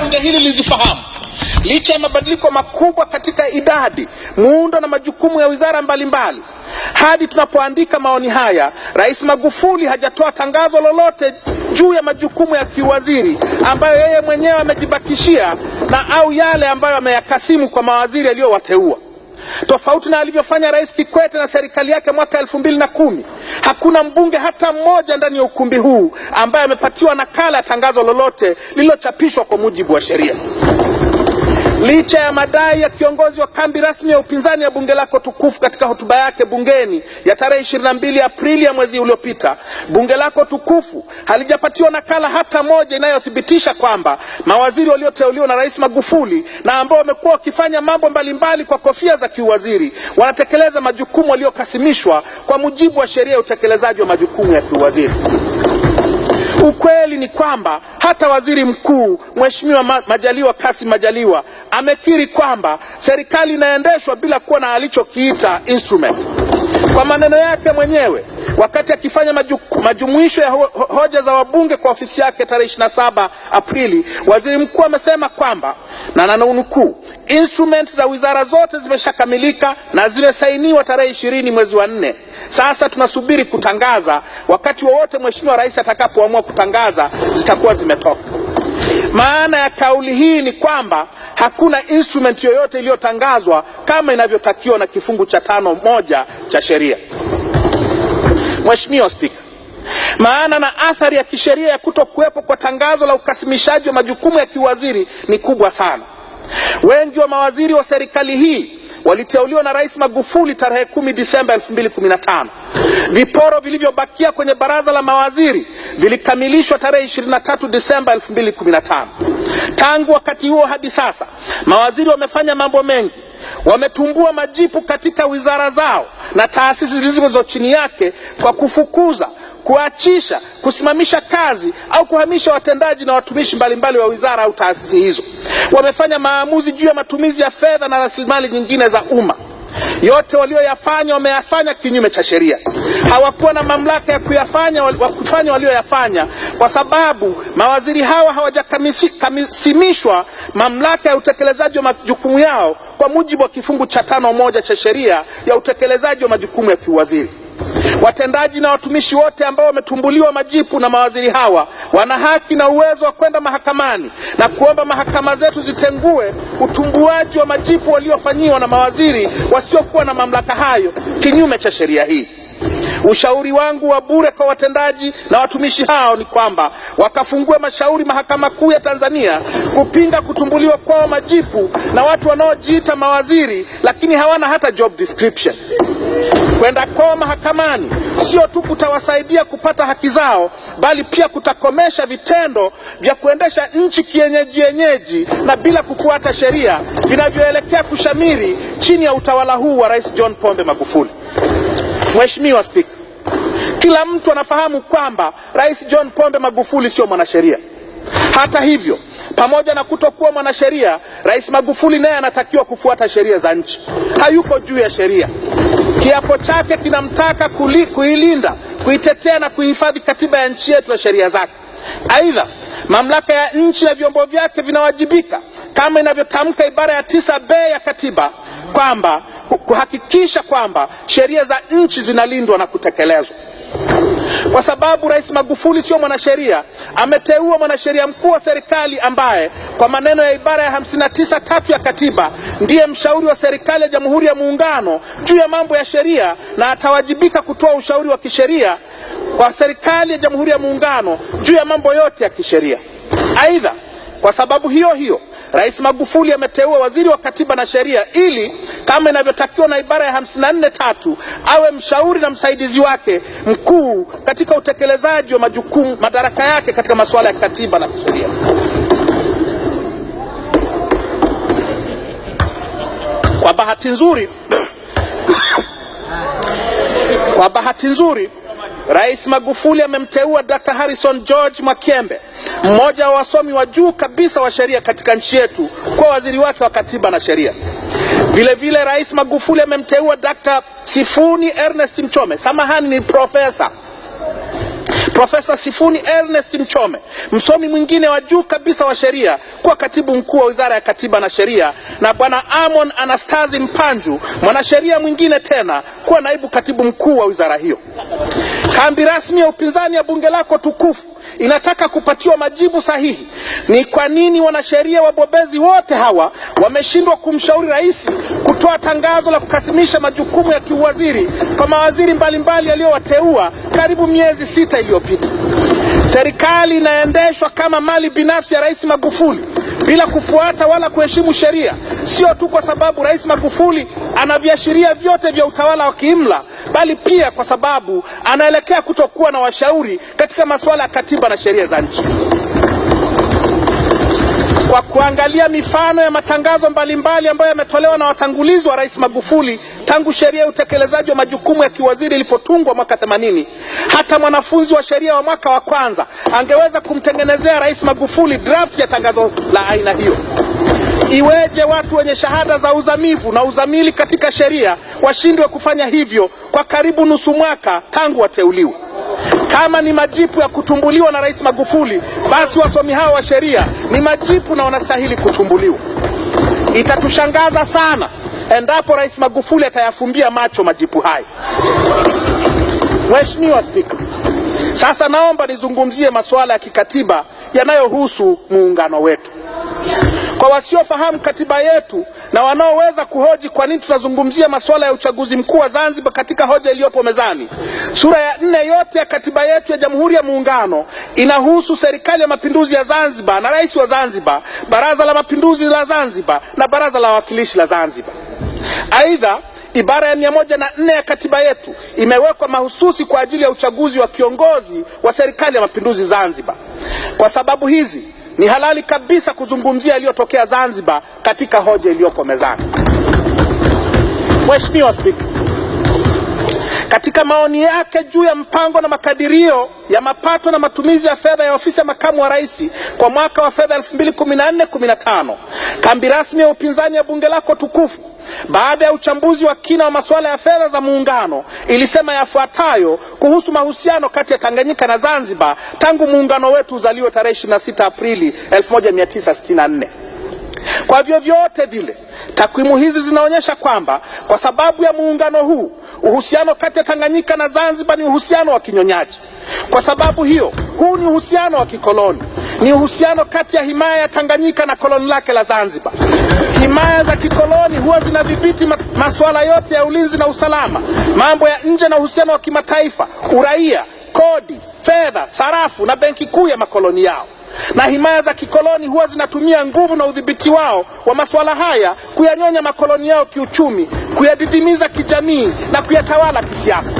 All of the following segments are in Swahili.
Bunge hili lizifahamu licha ya mabadiliko makubwa katika idadi, muundo na majukumu ya wizara mbalimbali mbali. Hadi tunapoandika maoni haya, Rais Magufuli hajatoa tangazo lolote juu ya majukumu ya kiwaziri ambayo yeye mwenyewe amejibakishia na au yale ambayo ameyakasimu kwa mawaziri aliyowateua tofauti na alivyofanya Rais Kikwete na serikali yake mwaka elfu mbili na kumi. Hakuna mbunge hata mmoja ndani ya ukumbi huu ambaye amepatiwa nakala ya tangazo lolote lililochapishwa kwa mujibu wa sheria. Licha ya madai ya kiongozi wa kambi rasmi ya upinzani ya bunge lako tukufu katika hotuba yake bungeni ya tarehe 22 Aprili ya mwezi uliopita, bunge lako tukufu halijapatiwa nakala hata moja inayothibitisha kwamba mawaziri walioteuliwa na Rais Magufuli na ambao wamekuwa wakifanya mambo mbalimbali kwa kofia za kiuwaziri wanatekeleza majukumu waliokasimishwa kwa mujibu wa sheria ya utekelezaji wa majukumu ya kiuwaziri. Ukweli ni kwamba hata waziri mkuu Mheshimiwa Majaliwa Kassim Majaliwa amekiri kwamba serikali inaendeshwa bila kuwa na alichokiita instrument kwa maneno yake mwenyewe wakati akifanya majumuisho ya ho, hoja za wabunge kwa ofisi yake tarehe 27 Aprili, waziri mkuu amesema kwamba na nananukuu, instruments za wizara zote zimeshakamilika na zimesainiwa tarehe ishirini mwezi wa nne. Sasa tunasubiri kutangaza, wakati wowote mheshimiwa rais atakapoamua kutangaza zitakuwa zimetoka. Maana ya kauli hii ni kwamba hakuna instrument yoyote iliyotangazwa kama inavyotakiwa na kifungu cha tano moja cha sheria. Mheshimiwa Spika, maana na athari ya kisheria ya kutokuwepo kwa tangazo la ukasimishaji wa majukumu ya kiwaziri ni kubwa sana. Wengi wa mawaziri wa serikali hii waliteuliwa na Rais Magufuli tarehe 10 Disemba 2015. Viporo vilivyobakia kwenye baraza la mawaziri vilikamilishwa tarehe 23 Disemba 2015. Tangu wakati huo hadi sasa mawaziri wamefanya mambo mengi, wametumbua majipu katika wizara zao na taasisi zilizo chini yake kwa kufukuza kuachisha, kusimamisha kazi au kuhamisha watendaji na watumishi mbalimbali wa wizara au taasisi hizo. Wamefanya maamuzi juu ya matumizi ya fedha na rasilimali nyingine za umma. Yote walioyafanya wameyafanya kinyume cha sheria. Hawakuwa na mamlaka ya kuyafanya kufanya walioyafanya, kwa sababu mawaziri hawa hawajakamisimishwa mamlaka ya utekelezaji wa majukumu yao kwa mujibu wa kifungu cha tano moja cha sheria ya utekelezaji wa majukumu ya kiuwaziri. Watendaji na watumishi wote ambao wametumbuliwa majipu na mawaziri hawa wana haki na uwezo wa kwenda mahakamani na kuomba mahakama zetu zitengue utumbuaji wa majipu waliofanyiwa na mawaziri wasiokuwa na mamlaka hayo kinyume cha sheria hii. Ushauri wangu wa bure kwa watendaji na watumishi hao ni kwamba wakafungue mashauri Mahakama Kuu ya Tanzania kupinga kutumbuliwa kwao majipu na watu wanaojiita mawaziri lakini hawana hata job description. Kwenda kwao mahakamani sio tu kutawasaidia kupata haki zao, bali pia kutakomesha vitendo vya kuendesha nchi kienyeji yenyeji na bila kufuata sheria vinavyoelekea kushamiri chini ya utawala huu wa Rais John Pombe Magufuli. Mheshimiwa Spika, kila mtu anafahamu kwamba Rais John Pombe Magufuli sio mwanasheria. Hata hivyo, pamoja na kutokuwa mwanasheria, Rais Magufuli naye anatakiwa kufuata sheria za nchi. Hayuko juu ya sheria. Kiapo chake kinamtaka kuli, kuilinda, kuitetea na kuhifadhi katiba ya nchi yetu na sheria zake. Aidha, mamlaka ya nchi na vyombo vyake vinawajibika kama inavyotamka ibara ya tisa b ya katiba kwamba kuhakikisha kwamba sheria za nchi zinalindwa na kutekelezwa kwa sababu Rais Magufuli sio mwanasheria, ameteua mwanasheria mkuu wa serikali ambaye kwa maneno ya ibara ya tisa tatu ya katiba ndiye mshauri wa serikali ya Jamhuri ya Muungano juu ya mambo ya sheria na atawajibika kutoa ushauri wa kisheria kwa serikali ya Jamhuri ya Muungano juu ya mambo yote ya kisheria. Aidha, kwa sababu hiyo hiyo Rais Magufuli ameteua waziri wa katiba na sheria ili kama inavyotakiwa na ibara ya hamsini na nne tatu awe mshauri na msaidizi wake mkuu katika utekelezaji wa majukumu madaraka yake katika masuala ya katiba na sheria. Kwa bahati nzuri, kwa bahati nzuri Rais Magufuli amemteua Dr. Harrison George Mwakyembe, mmoja wa wasomi wa juu kabisa wa sheria katika nchi yetu, kuwa waziri wake wa katiba na sheria. Vilevile Rais Magufuli amemteua Dr. Sifuni Ernest Mchome, samahani, ni profesa Profesa Sifuni Ernest Mchome, msomi mwingine wa juu kabisa wa sheria, kuwa katibu mkuu wa Wizara ya Katiba na Sheria, na Bwana Amon Anastasi Mpanju, mwanasheria mwingine tena, kuwa naibu katibu mkuu wa wizara hiyo. Kambi rasmi ya upinzani ya bunge lako tukufu inataka kupatiwa majibu sahihi. Ni kwa nini wanasheria wabobezi wote hawa wameshindwa kumshauri rais kutoa tangazo la kukasimisha majukumu ya kiuwaziri kwa mawaziri mbalimbali yaliyowateua karibu miezi sita iliyopita. Serikali inaendeshwa kama mali binafsi ya Rais Magufuli bila kufuata wala kuheshimu sheria, sio tu kwa sababu Rais Magufuli ana viashiria vyote vya utawala wa kiimla, bali pia kwa sababu anaelekea kutokuwa na washauri katika masuala ya katiba na sheria za nchi kwa kuangalia mifano ya matangazo mbalimbali ambayo yametolewa na watangulizi wa Rais Magufuli tangu sheria ya utekelezaji wa majukumu ya kiwaziri ilipotungwa mwaka 80. Hata mwanafunzi wa sheria wa mwaka wa kwanza angeweza kumtengenezea Rais Magufuli draft ya tangazo la aina hiyo. Iweje watu wenye shahada za uzamivu na uzamili katika sheria washindwe kufanya hivyo kwa karibu nusu mwaka tangu wateuliwe? Kama ni majipu ya kutumbuliwa na Rais Magufuli, basi wasomi hao wa sheria ni majipu na wanastahili kutumbuliwa. Itatushangaza sana endapo Rais Magufuli atayafumbia macho majipu hayo. Mheshimiwa Spika, sasa naomba nizungumzie masuala ya kikatiba yanayohusu muungano wetu. Kwa wasiofahamu katiba yetu na wanaoweza kuhoji kwa nini tunazungumzia masuala ya uchaguzi mkuu wa Zanzibar katika hoja iliyopo mezani, sura ya nne yote ya katiba yetu ya Jamhuri ya Muungano inahusu serikali ya mapinduzi ya Zanzibar na rais wa Zanzibar, baraza la mapinduzi la Zanzibar na baraza la wawakilishi la Zanzibar. Aidha, ibara ya mia moja na nne ya katiba yetu imewekwa mahususi kwa ajili ya uchaguzi wa kiongozi wa serikali ya mapinduzi Zanzibar. Kwa sababu hizi ni halali kabisa kuzungumzia yaliyotokea Zanzibar katika hoja iliyoko mezani. Mheshimiwa Spika, katika maoni yake juu ya mpango na makadirio ya mapato na matumizi ya fedha ya ofisi ya makamu wa rais kwa mwaka wa fedha 2014-15 kambi rasmi ya upinzani ya bunge lako tukufu baada ya uchambuzi wa kina wa masuala ya fedha za muungano ilisema yafuatayo kuhusu mahusiano kati ya Tanganyika na Zanzibar tangu muungano wetu uzaliwe tarehe 26 Aprili 1964. Kwa vyovyote vile, takwimu hizi zinaonyesha kwamba kwa sababu ya muungano huu uhusiano kati ya Tanganyika na Zanzibar ni uhusiano wa kinyonyaji. Kwa sababu hiyo, huu ni uhusiano wa kikoloni ni uhusiano kati ya himaya ya Tanganyika na koloni lake la Zanzibar. Himaya za kikoloni huwa zinadhibiti masuala yote ya ulinzi na usalama, mambo ya nje na uhusiano wa kimataifa, uraia, kodi, fedha, sarafu na benki kuu ya makoloni yao na himaya za kikoloni huwa zinatumia nguvu na udhibiti wao wa masuala haya kuyanyonya makoloni yao kiuchumi, kuyadidimiza kijamii na kuyatawala kisiasa.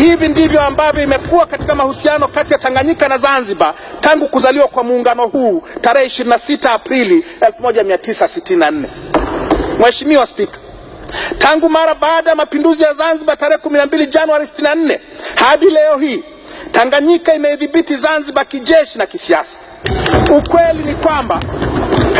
Hivi ndivyo ambavyo imekuwa katika mahusiano kati ya Tanganyika na Zanzibar tangu kuzaliwa kwa muungano huu tarehe 26 Aprili 1964. Mheshimiwa Spika, tangu mara baada ya mapinduzi ya Zanzibar tarehe 12 Januari 64 hadi leo hii Tanganyika imeidhibiti Zanzibar kijeshi na kisiasa. Ukweli ni kwamba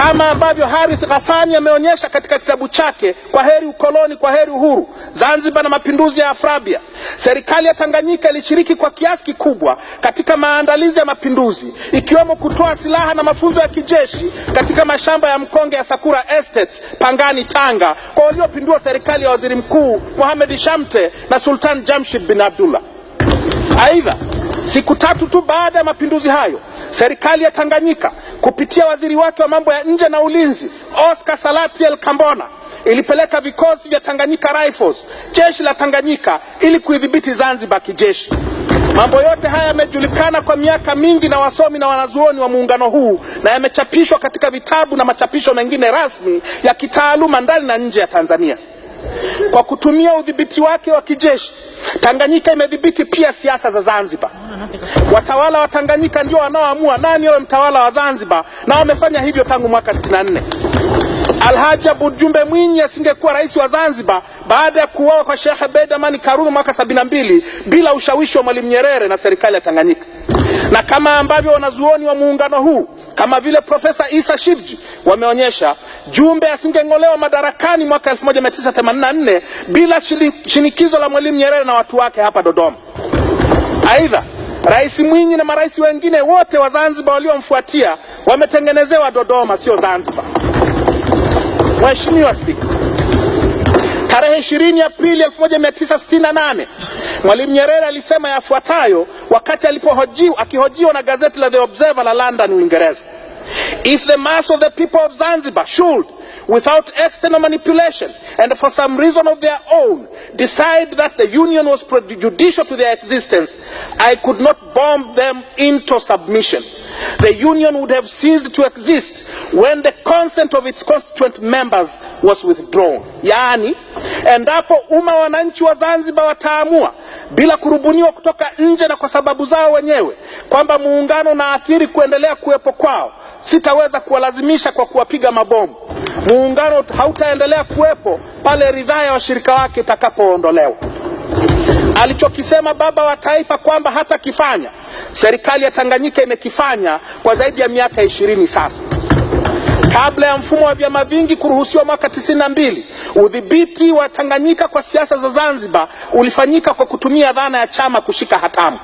kama ambavyo Harith Ghassani ameonyesha katika kitabu chake Kwa Heri Ukoloni, Kwa Heri Uhuru, Zanzibar na Mapinduzi ya Afrabia, serikali ya Tanganyika ilishiriki kwa kiasi kikubwa katika maandalizi ya mapinduzi, ikiwemo kutoa silaha na mafunzo ya kijeshi katika mashamba ya mkonge ya Sakura Estates Pangani, Tanga, kwa waliopindua serikali ya Waziri Mkuu Mohamed Shamte na Sultan Jamshid bin Abdullah. Aidha, Siku tatu tu baada ya mapinduzi hayo, serikali ya Tanganyika kupitia waziri wake wa mambo ya nje na ulinzi Oscar Salatiel Kambona ilipeleka vikosi vya Tanganyika Rifles, jeshi la Tanganyika, ili kuidhibiti Zanzibar kijeshi. Mambo yote haya yamejulikana kwa miaka mingi na wasomi na wanazuoni wa muungano huu na yamechapishwa katika vitabu na machapisho mengine rasmi ya kitaaluma ndani na nje ya Tanzania. Kwa kutumia udhibiti wake wa kijeshi, Tanganyika imedhibiti pia siasa za Zanzibar. Watawala wa Tanganyika ndio wanaoamua nani awe mtawala wa Zanzibar, na wamefanya hivyo tangu mwaka 64. Alhaji Aboud Jumbe Mwinyi asingekuwa rais wa Zanzibar baada ya kuuawa kwa Sheikh Abeid Amani Karume mwaka sabini na mbili bila ushawishi wa Mwalimu Nyerere na serikali ya Tanganyika. Na kama ambavyo wanazuoni wa muungano huu kama vile Profesa Isa Shivji wameonyesha, Jumbe asingeng'olewa madarakani mwaka 1984 bila shinikizo la Mwalimu Nyerere na watu wake hapa Dodoma. Aidha, Rais Mwinyi na marais wengine wote wa Zanzibar waliomfuatia wametengenezewa Dodoma, sio Zanzibar. Mheshimiwa Spika, tarehe 20 Aprili 1968 Mwalimu Nyerere alisema yafuatayo wakati alipohojiwa akihojiwa na gazeti la The Observer la London, Uingereza: If the mass of the people of Zanzibar should without external manipulation and for some reason of their own decide that the union was prejudicial to their existence I could not bomb them into submission. The union would have ceased to exist when the consent of its constituent members was withdrawn. Yaani, endapo umma wa wananchi wa Zanzibar wataamua bila kurubuniwa kutoka nje na kwa sababu zao wenyewe kwamba muungano unaathiri kuendelea kuwepo kwao, sitaweza kuwalazimisha kwa kuwapiga mabomu. Muungano hautaendelea kuwepo pale ridhaa ya washirika wake itakapoondolewa. Alichokisema baba wa taifa kwamba hatakifanya serikali ya Tanganyika imekifanya kwa zaidi ya miaka ishirini sasa. Kabla ya mfumo wa vyama vingi kuruhusiwa mwaka tisini na mbili, udhibiti wa Tanganyika kwa siasa za Zanzibar ulifanyika kwa kutumia dhana ya chama kushika hatamu.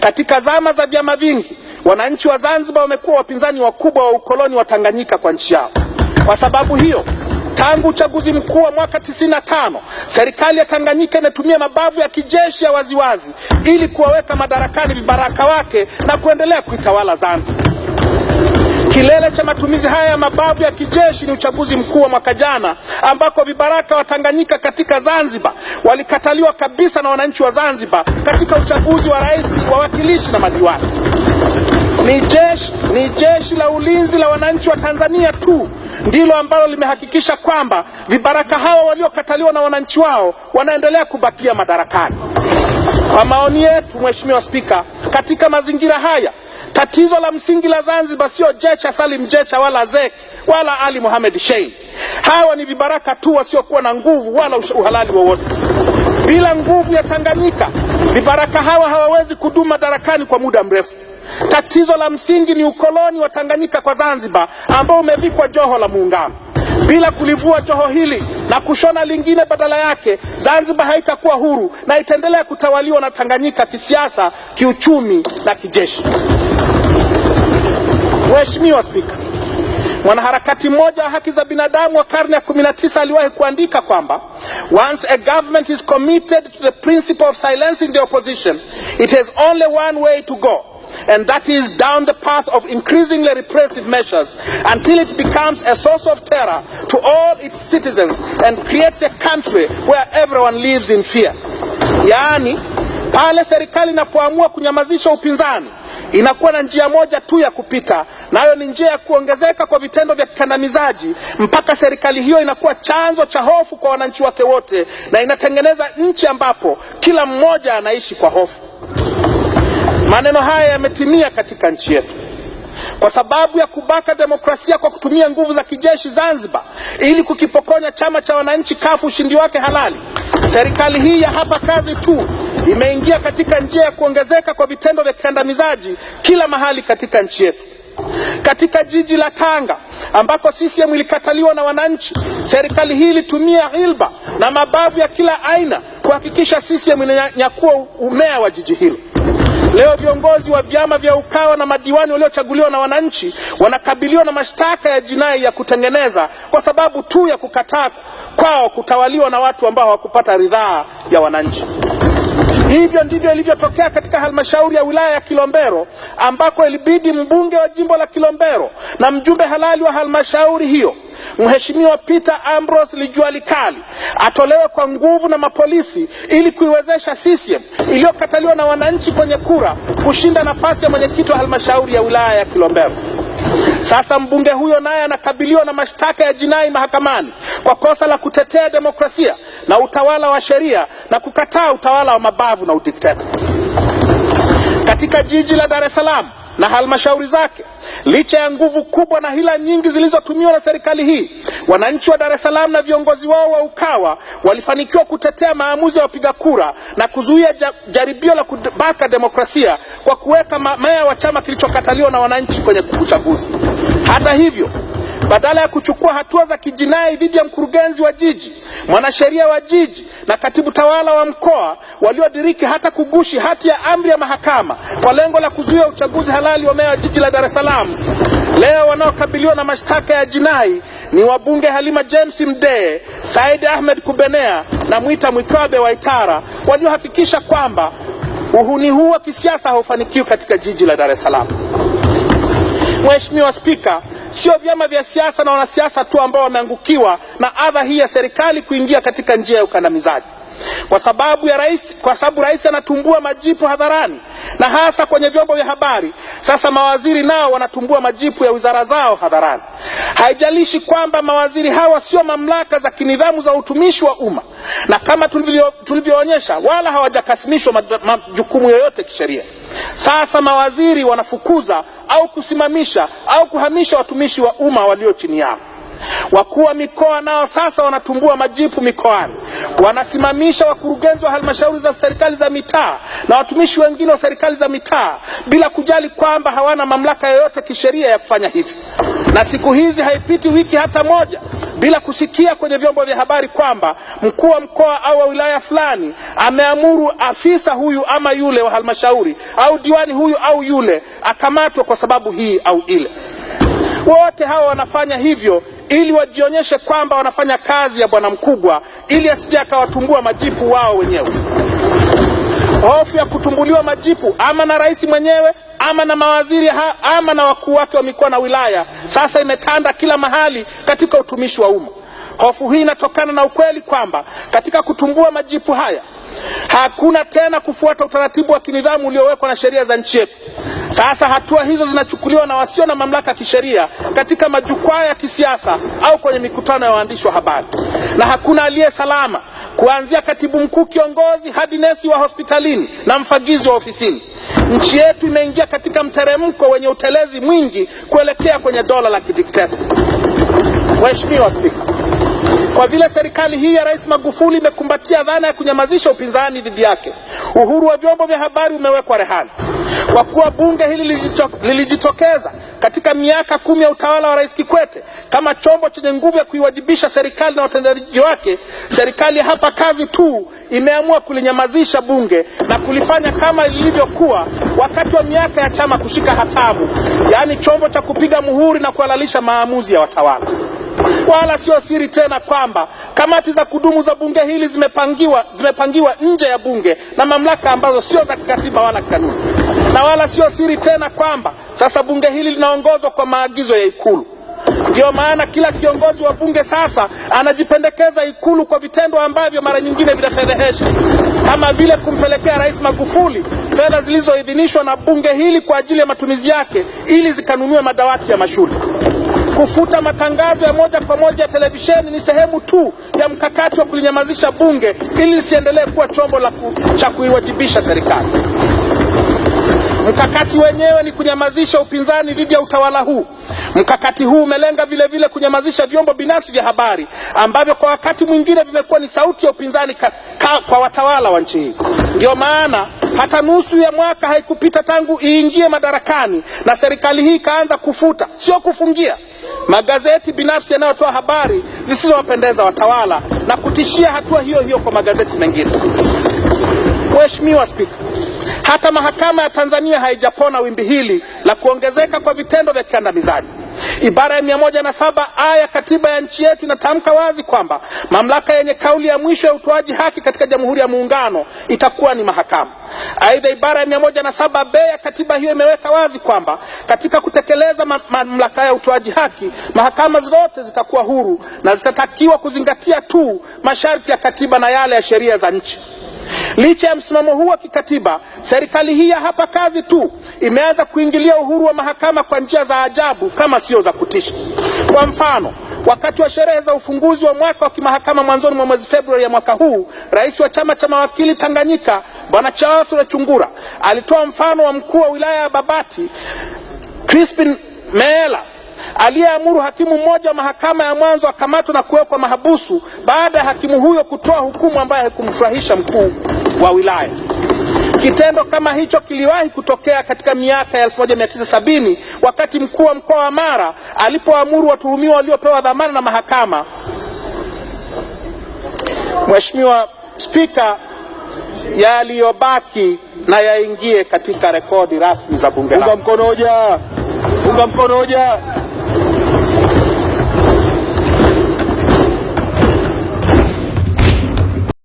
Katika zama za vyama vingi, wananchi wa Zanzibar wamekuwa wapinzani wakubwa wa ukoloni wa Tanganyika kwa nchi yao. Kwa sababu hiyo Tangu uchaguzi mkuu wa mwaka 95 serikali ya Tanganyika imetumia mabavu ya kijeshi ya waziwazi ili kuwaweka madarakani vibaraka wake na kuendelea kuitawala Zanzibar. Kilele cha matumizi haya ya mabavu ya kijeshi ni uchaguzi mkuu wa mwaka jana, ambako vibaraka wa Tanganyika katika Zanzibar walikataliwa kabisa na wananchi wa Zanzibar katika uchaguzi wa rais, wawakilishi na madiwani. Ni jeshi, ni jeshi la ulinzi la wananchi wa Tanzania tu ndilo ambalo limehakikisha kwamba vibaraka hawa waliokataliwa na wananchi wao wanaendelea kubakia madarakani. Kwa maoni yetu, Mheshimiwa Spika, katika mazingira haya tatizo la msingi la Zanzibar sio Jecha Salim Jecha wala Zek wala Ali Mohamed Shein. Hawa ni vibaraka tu wasiokuwa na nguvu wala uhalali wowote. Bila nguvu ya Tanganyika, vibaraka hawa hawawezi kudumu madarakani kwa muda mrefu. Tatizo la msingi ni ukoloni wa Tanganyika kwa Zanzibar ambao umevikwa joho la Muungano. Bila kulivua joho hili na kushona lingine badala yake, Zanzibar haitakuwa huru na itaendelea kutawaliwa na Tanganyika kisiasa, kiuchumi na kijeshi. Mheshimiwa Spika, mwanaharakati mmoja wa haki za binadamu wa karne ya 19 aliwahi kuandika kwamba once a government is committed to the principle of silencing the opposition it has only one way to go and that is down the path of increasingly repressive measures until it becomes a source of terror to all its citizens and creates a country where everyone lives in fear. Yaani, pale serikali inapoamua kunyamazisha upinzani inakuwa na njia moja tu ya kupita, nayo ni njia ya kuongezeka kwa vitendo vya kikandamizaji mpaka serikali hiyo inakuwa chanzo cha hofu kwa wananchi wake wote, na inatengeneza nchi ambapo kila mmoja anaishi kwa hofu. Maneno haya yametimia katika nchi yetu kwa sababu ya kubaka demokrasia kwa kutumia nguvu za kijeshi Zanzibar ili kukipokonya chama cha wananchi kafu ushindi wake halali. Serikali hii ya hapa kazi tu imeingia katika njia ya kuongezeka kwa vitendo vya kikandamizaji kila mahali katika nchi yetu. Katika jiji la Tanga ambako CCM ilikataliwa na wananchi, serikali hii ilitumia hilba na mabavu ya kila aina kuhakikisha CCM inanyakua umea wa jiji hilo. Leo viongozi wa vyama vya Ukawa na madiwani waliochaguliwa na wananchi wanakabiliwa na mashtaka ya jinai ya kutengeneza kwa sababu tu ya kukataa kwao kutawaliwa na watu ambao hawakupata ridhaa ya wananchi. Hivyo ndivyo ilivyotokea katika halmashauri ya wilaya ya Kilombero ambako ilibidi mbunge wa jimbo la Kilombero na mjumbe halali wa halmashauri hiyo Mheshimiwa Peter Ambrose Lijualikali atolewe kwa nguvu na mapolisi ili kuiwezesha CCM iliyokataliwa na wananchi kwenye kura kushinda nafasi ya mwenyekiti wa halmashauri ya wilaya ya Kilombero. Sasa mbunge huyo naye anakabiliwa na mashtaka ya jinai mahakamani kwa kosa la kutetea demokrasia na utawala wa sheria na kukataa utawala wa mabavu na udikteta. Katika jiji la Dar es Salaam na halmashauri zake Licha ya nguvu kubwa na hila nyingi zilizotumiwa na serikali hii, wananchi wa Dar es Salaam na viongozi wao wa Ukawa walifanikiwa kutetea maamuzi ya wapiga kura na kuzuia jaribio la kubaka demokrasia kwa kuweka meya wa chama kilichokataliwa na wananchi kwenye uchaguzi. Hata hivyo, badala ya kuchukua hatua za kijinai dhidi ya mkurugenzi wa jiji, mwanasheria wa jiji na katibu tawala wa mkoa waliodiriki hata kugushi hati ya amri ya mahakama kwa lengo la kuzuia uchaguzi halali wa meya wa jiji la Dar es Salaam Waislamu leo wanaokabiliwa na mashtaka ya jinai ni wabunge Halima James Mdee, Said Ahmed Kubenea na Mwita mwikobe wa itara waliohakikisha kwamba uhuni huu wa kisiasa haufanikiwi katika jiji la Dar es Salaam. Mheshimiwa Spika, sio vyama vya siasa na wanasiasa tu ambao wameangukiwa na adha hii ya serikali kuingia katika njia ya ukandamizaji kwa sababu ya rais, kwa sababu rais anatumbua majipu hadharani na hasa kwenye vyombo vya habari. Sasa mawaziri nao wanatumbua majipu ya wizara zao hadharani. Haijalishi kwamba mawaziri hawa sio mamlaka za kinidhamu za utumishi wa umma, na kama tulivyoonyesha, wala hawajakasimishwa majukumu yoyote kisheria. Sasa mawaziri wanafukuza au kusimamisha au kuhamisha watumishi wa umma walio chini yao. Wakuu wa mikoa nao sasa wanatumbua majipu mikoani, wanasimamisha wakurugenzi wa halmashauri za serikali za mitaa na watumishi wengine wa serikali za mitaa bila kujali kwamba hawana mamlaka yoyote kisheria ya kufanya hivyo. Na siku hizi haipiti wiki hata moja bila kusikia kwenye vyombo vya habari kwamba mkuu wa mkoa au wa wilaya fulani ameamuru afisa huyu ama yule wa halmashauri au diwani huyu au yule akamatwe kwa sababu hii au ile. Wote hawa wanafanya hivyo ili wajionyeshe kwamba wanafanya kazi ya bwana mkubwa, ili asije akawatumbua majipu wao wenyewe. Hofu ya kutumbuliwa majipu ama na rais mwenyewe ama na mawaziri ha, ama na wakuu wake wa mikoa na wilaya, sasa imetanda kila mahali katika utumishi wa umma. Hofu hii inatokana na ukweli kwamba katika kutumbua majipu haya Hakuna tena kufuata utaratibu wa kinidhamu uliowekwa na sheria za nchi yetu. Sasa hatua hizo zinachukuliwa na wasio na mamlaka ya kisheria katika majukwaa ya kisiasa au kwenye mikutano ya waandishi wa habari, na hakuna aliye salama, kuanzia katibu mkuu kiongozi hadi nesi wa hospitalini na mfagizi wa ofisini. Nchi yetu imeingia katika mteremko wenye utelezi mwingi kuelekea kwenye dola la kidikteta. Mheshimiwa Spika, kwa vile serikali hii ya Rais Magufuli imekumbatia dhana ya kunyamazisha upinzani dhidi yake, uhuru wa vyombo vya habari umewekwa rehani. Kwa kuwa bunge hili lilijitokeza katika miaka kumi ya utawala wa Rais Kikwete kama chombo chenye nguvu ya kuiwajibisha serikali na watendaji wake, serikali hapa kazi tu imeamua kulinyamazisha bunge na kulifanya kama lilivyokuwa wakati wa miaka ya chama kushika hatamu, yaani chombo cha kupiga muhuri na kuhalalisha maamuzi ya watawala. Wala sio siri tena kwamba kamati za kudumu za bunge hili zimepangiwa, zimepangiwa nje ya bunge na mamlaka ambazo sio za kikatiba wala kanuni, na wala sio siri tena kwamba sasa bunge hili linaongozwa kwa maagizo ya Ikulu. Ndiyo maana kila kiongozi wa bunge sasa anajipendekeza Ikulu kwa vitendo ambavyo mara nyingine vinafedhehesha, kama vile kumpelekea Rais Magufuli fedha zilizoidhinishwa na bunge hili kwa ajili ya matumizi yake ili zikanunue madawati ya mashule. Kufuta matangazo ya moja kwa moja ya televisheni ni sehemu tu ya mkakati wa kulinyamazisha bunge ili lisiendelee kuwa chombo cha kuiwajibisha serikali. Mkakati wenyewe ni kunyamazisha upinzani dhidi ya utawala huu. Mkakati huu umelenga vilevile vile kunyamazisha vyombo binafsi vya habari ambavyo kwa wakati mwingine vimekuwa ni sauti ya upinzani ka, ka, kwa watawala wa nchi hii. Ndio maana hata nusu ya mwaka haikupita tangu iingie madarakani na serikali hii ikaanza kufuta, sio kufungia, magazeti binafsi yanayotoa habari zisizowapendeza watawala na kutishia hatua hiyo hiyo kwa magazeti mengine. Mheshimiwa Spika, hata mahakama ya Tanzania haijapona wimbi hili la kuongezeka kwa vitendo vya kikandamizaji. Ibara ya mia moja na saba a ya katiba ya nchi yetu inatamka wazi kwamba mamlaka yenye kauli ya mwisho ya utoaji haki katika Jamhuri ya Muungano itakuwa ni mahakama. Aidha, ibara ya mia moja na saba b ya katiba hiyo imeweka wazi kwamba katika kutekeleza mamlaka ya utoaji haki mahakama zote zitakuwa huru na zitatakiwa kuzingatia tu masharti ya katiba na yale ya sheria za nchi. Licha ya msimamo huu wa kikatiba, serikali hii ya hapa kazi tu imeanza kuingilia uhuru wa mahakama kwa njia za ajabu kama sio za kutisha. Kwa mfano, wakati wa sherehe za ufunguzi wa mwaka wa kimahakama mwanzoni mwa mwezi Februari ya mwaka huu, rais wa chama cha mawakili Tanganyika Bwana Charles Rachungura alitoa mfano wa mkuu wa wilaya ya Babati Crispin Meela aliyeamuru hakimu mmoja wa mahakama ya mwanzo akamatwa na kuwekwa mahabusu baada ya hakimu huyo kutoa hukumu ambayo haikumfurahisha mkuu wa wilaya. Kitendo kama hicho kiliwahi kutokea katika miaka ya 1970 wakati mkuu wa mkoa wa Mara alipoamuru watuhumiwa waliopewa dhamana na mahakama. Mheshimiwa Spika, yaliyobaki na yaingie katika rekodi rasmi za bunge. Unga mkono hoja! Unga mkono hoja!